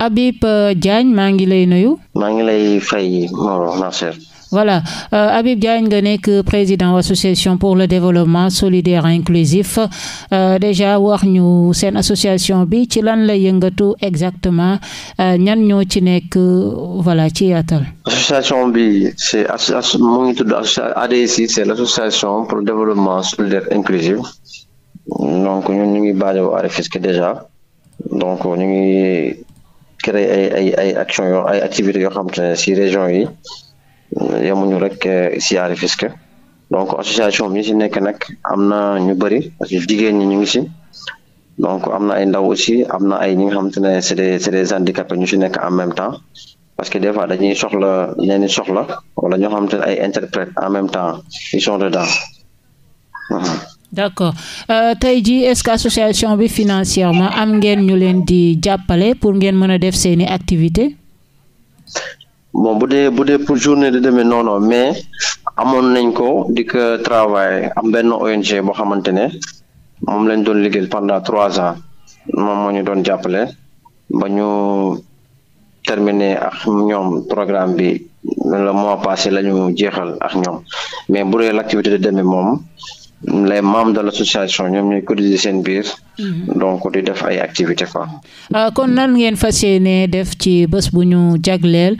Habib euh, Diagne maa ngi lay nuyu. maa ngi lay fay Moro Marcel. voilà euh, Habib Diagne nga nekk président association pour le développement solidaire inclusif euh, déjà wax ñu seen association bi ci lan la yëngatu exactement euh, ñan ñoo ci nekk voilà ci yaatal. association bi c'est mu ngi tudd ADSI c'est l'association pour le développement solidaire inclusif donc ñun ñu ngi basé wu à Rufisque déjà donc ñu ngi créer ay ay ay action yoo ay activités yoo xamante ne si région yi euh, yemuñu rek euh, si à Rufisque donc association ñu si nekk nag am na ñu bëri parce que jigéen ñi ñu ngi si donc am na ay ndaw aussi am na ay ñi nga xamante ne c'est des c'est des handicapés ñu si nekk en même temps parce que des fois dañuy soxla leen soxla wala ñoo xamante ne ay interprètes en même temps ils sont dedans. d' accord euh, tey jii est ce que association bi financièrement am ngeen ñu leen di jàppale pour ngeen mën a def seeni activité bon bu dee bu dee pour journée de demain noono mais amoon nañ ko di ko travail am benn ONG boo xamante ne moom lañ doon liggéey pendant trois ans moom moo ñu doon jàppale ba ñu terminé ak ñoom programme bi le mois passé la ñu jeexal ak ñoom mais bu dee activité de demain moom. les membres de l' association ñoom ñooy cotiser seen biir. Mhm. donc di def ay activités quoi. Euh, kon nan ngeen fas yéene def ci bés bu ñu jagleel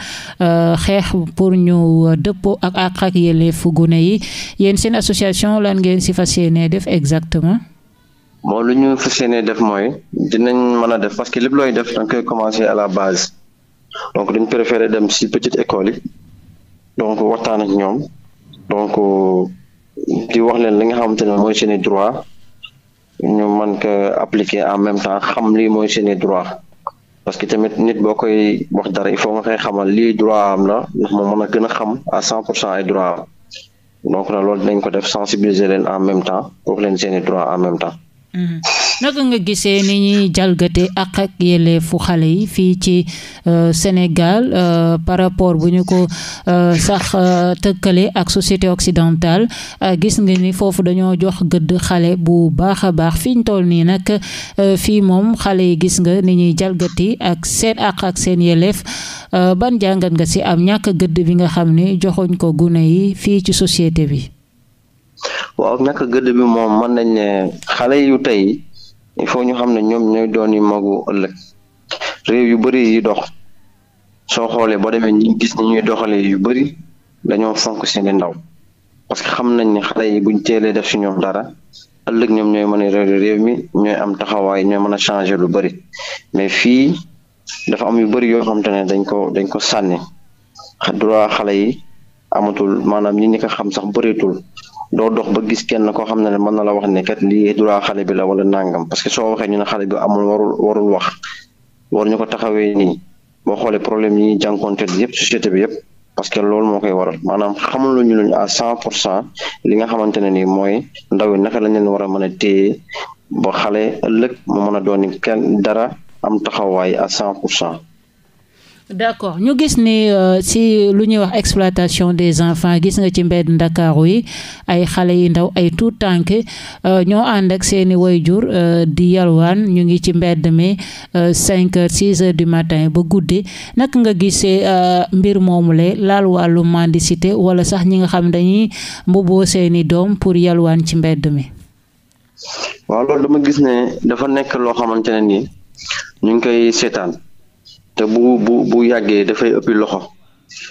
euh, xeex pour ñu dëppoo ak ak ak fu gune yi yéen seen association lan ngeen si fas yéene def exactement. moo lu ñu fas yéene def mooy dinañ mën a def parce que lépp looy def da nga commencer à la base donc dañ préférer dem si petite école yi donc waxtaan ak ñoom donc. Euh, di wax leen li nga xamante ne moy seeni droit ñu mën ko appliquer en même temps xam lii mooy seeni droit parce que tamit nit boo koy wax dara il faut nga koy xamal lii droit am la ndax moom mën a gën a xam à cent pour cent ay droit am donc na loolu dinañ ko def sensibiliser leen en même temps wax leen seeni droit en même temps. Mm-hmm. naka nga gisee ni ñuy jalgate ak ak yelleefu xale yi fii ci euh, Sénégal euh, par rapport bu ñu ko euh, sax tëkkale ak société occidentale gis nga ni foofu dañoo jox gëdd xale bu baax a baax fi ñu toll nii nag fii moom xale yi gis nga ni ñuy jalgati ak seen ak ak seen yelleef ban jàngat nga si am ñàkk gëdd bi nga xam ni joxuñ ko gune yi fii ci société bi waaw ñàkk gëdd bi moom mën nañ ne xale yu tey il faut ñu xam ne ñoom ñooy doon yi magu ëllëg réew yu bari yi dox soo xoolee boo demee ñi gis ni ñuy doxalee yu bari dañoo fonk seeni ndaw parce que xam nañ ne xale buñ teelee def si ñoom dara ëllëg ñoom ñooy mën a réew mi ñooy am taxawaay ñooy mën a changer lu bëri mais fii dafa am yu bari yoo xam ne dañ ko dañ ko sànni droit xale yi amatul maanaam ñi ñi ko xam sax bëreetul doo dox ba gis kenn koo xam na ne mën na la wax ne kat lii droit xale bi la wala nangam parce que soo waxee ñu ne xale bi amul warul warul wax waruñu ko taxawee nii boo xoolee problème yi ñuy jànkonteel yëpp société bi yëpp parce que lool moo koy waral maanaam xamul lu ñu à cent pour cent li nga xamante ne nii mooy ndaw yi naka lañ leen war a mën a téye ba xale ëllëg mu mën a kenn dara am taxawaay à cent pour cent d' accord ñu gis ni si euh, lu ñuy wax exploitation des enfants gis nga ci mbedd ndakaaru yi ay xale yu ndaw ay tout tànk euh, ñoo ànd ak seeni wayjur euh, di yalwaan ñu ngi ci mbedd mi cinq heures six matin ba guddi naka nga gisee mbir moomu laal wàllu mendicité wala sax ñi nga xam dañuy mbubboo seeni doom pour yalwaan ci mbedd mi. waaw loolu dama gis ne dafa nekk loo xamante ne ni ñu ngi koy seetaan. te bu bu bu yàggee dafay ëppi loxo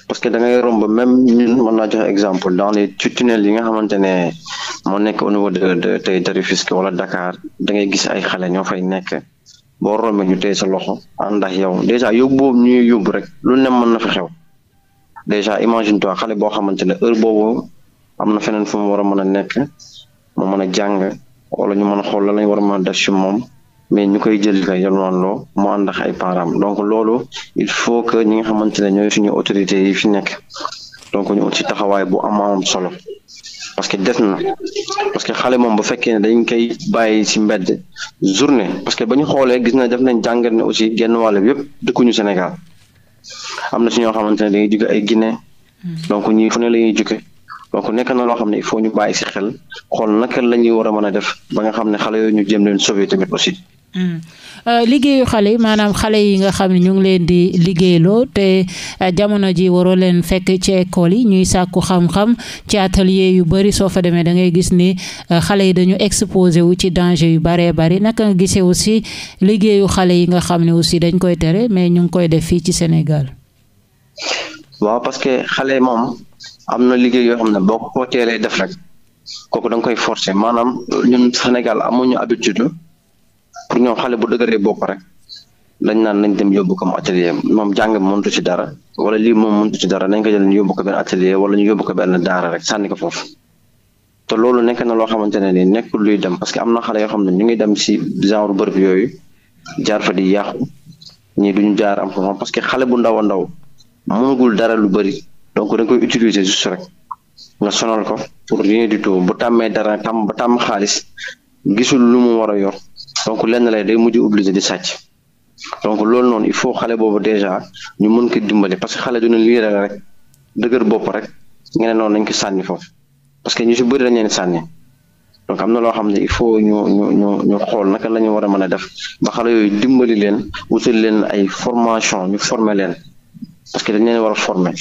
parce que da ngay romb même ñun mën naa joxe exemple dans les tunnels yi nga xamante ne moo nekk au niveau de de tey de wala Dakar dangay gis ay xale ñoo fay nekk boo rombee ñu tey sa loxo àndax yow dèjà yóbbu boobu ñuy yóbbu rek lu ne mën na fi xew dèjà imagine toi xale boo xamante ne heure boobu am na feneen fu mu war a mën a nekk mu mën a jàng wala ñu mën a xool la lañ war a mën a def ci moom. mais ñu koy jël kay yalwaan loo mu ànd ak ay parents donc loolu il que ñi nga xamante ne ñooy suñu autorités yi fi nekk donc ñu ut taxawaay bu amaam solo parce que des na parce que xale moom bu fekkee ne dañ koy bàyyi ci mbedd journée parce que ba ñu xoolee gis na def nañ jàngat ne aussi genn wàll yëpp dëkkuñu Sénégal am na ci ñoo xamante ne dañuy jóge ay Guinée hmm. donc ñii fu ne la ñuy jóge donc nekk na loo xam ne il faut ñu bàyyi ci xel xool naka la ñuy war mën a def ba nga xam ne xale yooyu ñu jëm leen sauver tamit aussi Mm. Euh, liggéeyu xale yi maanaam xale yi nga xam ne ñu ngi leen di liggéeyloo te euh, jamono ji waroo leen fekk ci école yi ñuy sàkku xam-xam ci atelier yu bëri soo fa demee da ngay gis ni euh, xale yi dañu exposé wu ci danger yu bëree bëri naka nga gisee aussi liggéeyu xale yi nga xam ne aussi dañ koy tere mais ñu ngi koy def fii ci Sénégal. waaw parce que xale moom am na liggéey yoo xam ne boo ko teelee def rek kooku da koy force maanaam ñun Sénégal amuñu habitude. pour ñoom xale bu dëgëree bopp rek dañ naan nañ dem yóbbu ko mu atelier moom jàng mëntu ci dara wala lii moom mëntu ci dara nañ ko jël ñu yóbbu ko benn atelier wala ñu yóbbu ko benn daara rek sànni ko foofu te loolu nekk na loo xamante ne ni nekkul luy dem parce que am na xale yoo xam ne ñu ngi dem si genre bërëb yooyu jaar fa di yàqu ñii duñu jaar am xam parce que xale bu ndaw a ndaw mënagul dara lu bëri donc dañ koy utiliser juste rek nga sonal ko pour rien du tout bu tàmmee dara tàmm ba tàmm xaalis gisul lu mu war a yor donc lenn lay day mujj obligé di sàcc donc loolu noonu il faut xale boobu déjà ñu mën ko dimbali parce que xale du ne lii rek dëgër bopp rek nga noonu nañ ko sànni foofu parce que ñu si bëri dañ leen sànni donc am na loo xam ne il faut ñu ñu ñu ñu xool naka la ñu war a mën a def ba xale yooyu dimbali leen wutal leen ay formation ñu former leen parce que dañ leen war a former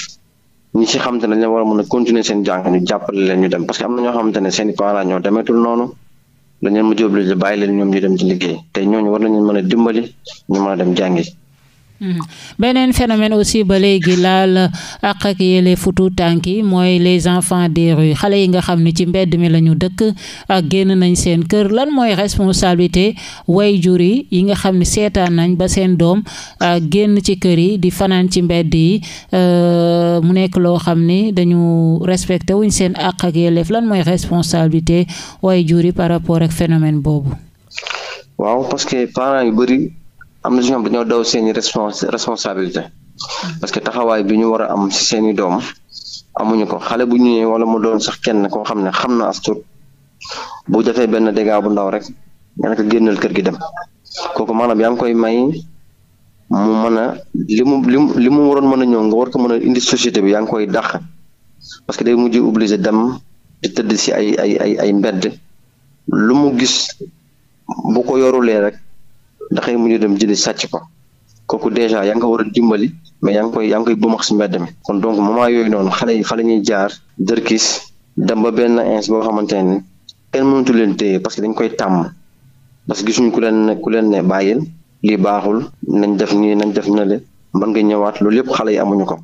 ñi si xamante ne dañ leen war a mën a continuer seen jàng ñu jàppale leen ñu dem parce que am na ñoo ne seen i parents ñoo demeetul noonu. dañu leen mujj obligé bàyyi leen ñoom ñu dem ci liggéey te ñooñu war nañu mën a dimbali ñu mën dem jàngi Mhm. beneen phénomène aussi ba léegi laal àq ak yelleefu tuutànk yi mooy les enfants des yi xale yi nga xam ne ci mbedd mi la ñu dëkk ak génn nañ seen kër lan mooy responsabilité waajur yi yi nga xam ne seetaan nañ ba seen doom euh, génn ci kër yi di fanaan ci mbedd yi euh, mu nekk loo xam ni dañu respecté wuñ seen àq ak yelleef lan mooy responsabilité waajur yi par rapport ak phénomène boobu. waaw parce que parents yu bari. am na si ñoom dañoo daw seeni i responsabilité parce que taxawaay bi ñu war a am si seeni doom amuñu ko xale bu ñu ñëwee wala mu doon sax kenn koo xam ne xam na as tuut bu defee benn dégât bu ndaw rek nga ne ko génnal kër gi dem kooku maanaam yaa ngi koy may mu mën a li mu li mu li mu waroon mën a ñëw nga war ko mën a indi société bi yaa ngi koy dàq parce que day mujj obligé dem di tëdd si ay ay ay ay mbedd lu mu gis bu ko yorulee rek. ndaxay mu ñu dem jëli sàcc ko kooku dèjà yaa ngi ko war a dimbali mais yaa ngi koy yaa ngi koy bëmax kon donc moment yooyu noonu xale yi fa ñuy jaar dërkis dem ba benn ins boo xamante ne kenn mënatu leen téye parce que dañ koy tàmm parce que gisuñu ku leen ne ku leen ne bàyyil lii baaxul nañ def nii nañ def nale mën nga ñëwaat loolu yëpp xale yi amuñu ko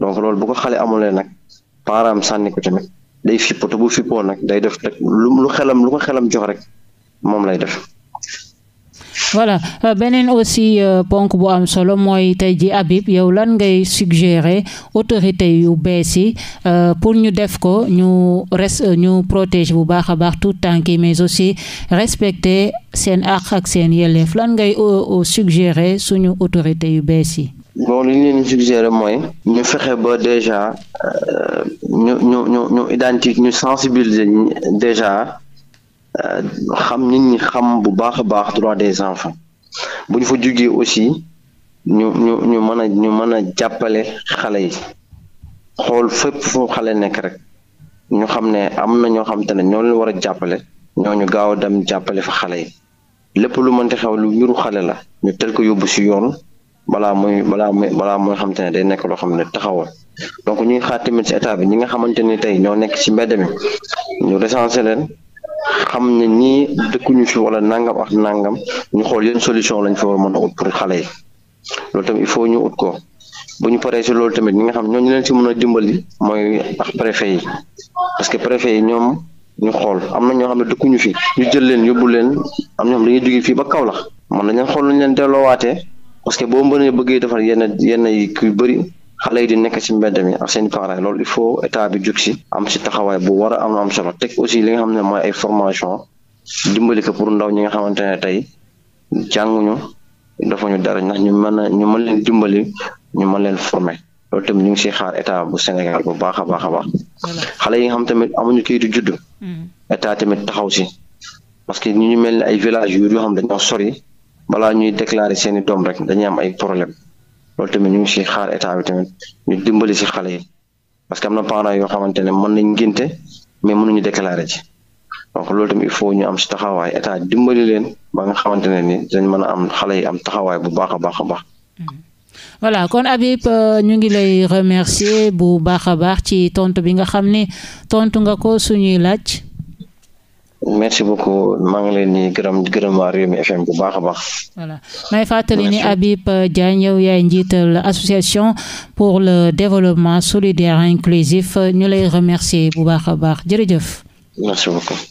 donc loolu bu ko xale amulee nag paaraam sànni ko tamit day fippo te bu fippoo nag day def lu lu xelam lu ko xelam jox rek moom lay def voilà euh, beneen aussi euh, ponk bu am solo mooy tey ji Habib yow lan ngay suggérer autorité yu bees yi euh, pour ñu def ko ñu res ñu protéger bu baax a baax tout tànk yi mais aussi respecter seen àq ak seen yelleef lan ngay suggérer suñu autorité yu bees yi loolu mooy ñu fexe ba déjà ñu identique ñu sensibiliser déjà Euh, xam nit ñi xam bu baax a baax droit des enfants bu ñu fa jugee aussi ñu ñu ñu mën a ñu mën a jàppale xale yi xool fépp fu xale nekk rek ñu xam ne am na ñoo xam te ne ñoo leen war a jàppale ñooñu gaaw a dem jàppale fa xale yi lépp lu mënti xew lu yuru xale la ñu tel ko yóbbu si yoon balaa mooy balaa muy balaa muy xam te ne day nekk loo xam ne taxawal donc ñuy xaar tamit si état bi ñi nga xamante ni tey ñoo nekk si mbedd mi ñu recensé leen. xam ne ñii dëkkuñu fi wala nangam ak nangam ñu xool yenn solution lañ fi war mën a ut pour xale yi loolu tamit il faut ñu ut ko bu ñu paree si loolu tamit ñi nga xam ñooñu leen si mën a dimbali mooy ak préfet yi parce que préfet yi ñoom ñu xool am na ñoo xam ne dëkkuñu fi ñu jël leen yóbbu leen am ñoo xam dañuy jóge fii ba Kaolack mën nañ leen xool lu ñu leen delloowaatee parce que boo mënee bëggee defar yenn yenn yi ku bëri xale yi di nekk ci mbedd mi ak seen parents loolu il faut état bi jóg si am si taxawaay bu war a am am solo teg aussi li nga xam ne mooy ay formation dimbali ka pour ndaw ñi nga xamante ne tey jànguñu dafa ñu dara ñu mën a ñu mën leen dimbali ñu mën leen former loolu tamit ñu ngi siy xaar état bu Sénégal bu baax a baax a baax xale yi nga xam tamit amuñu kayitu juddu mm. état tamit taxaw si parce que ñu ñu mel ni ay village yu yoo xam dañoo sori balaa ñuy déclarer seeni doom rek dañuy am ay problème loolu tamit ñu ngi si xaar état bi tamit ñu dimbali si xale parce que am na parents yoo xamante ne mën nañ ngénte mais mënuñu déclaré ci donc loolu tamit il faut ñu am si taxawaay état dimbali leen ba nga xamante ne ni dañ mën a am xale yi am taxawaay bu baax a baax a baax. voilà kon Habib euh, ñu ngi lay remercier bu baax a baax ci tontu bi nga xam ne tontu nga ko suñuy laaj. merci beaucoup maa ngi leen di gërëm gërëm waa Rewmi FM bu baax a baax. voilà may fàttali ni Habib Diagne yow yaay njiital association pour le développement solidaire inclusif ñu lay remercier bu baax a baax jërëjëf. merci beaucoup.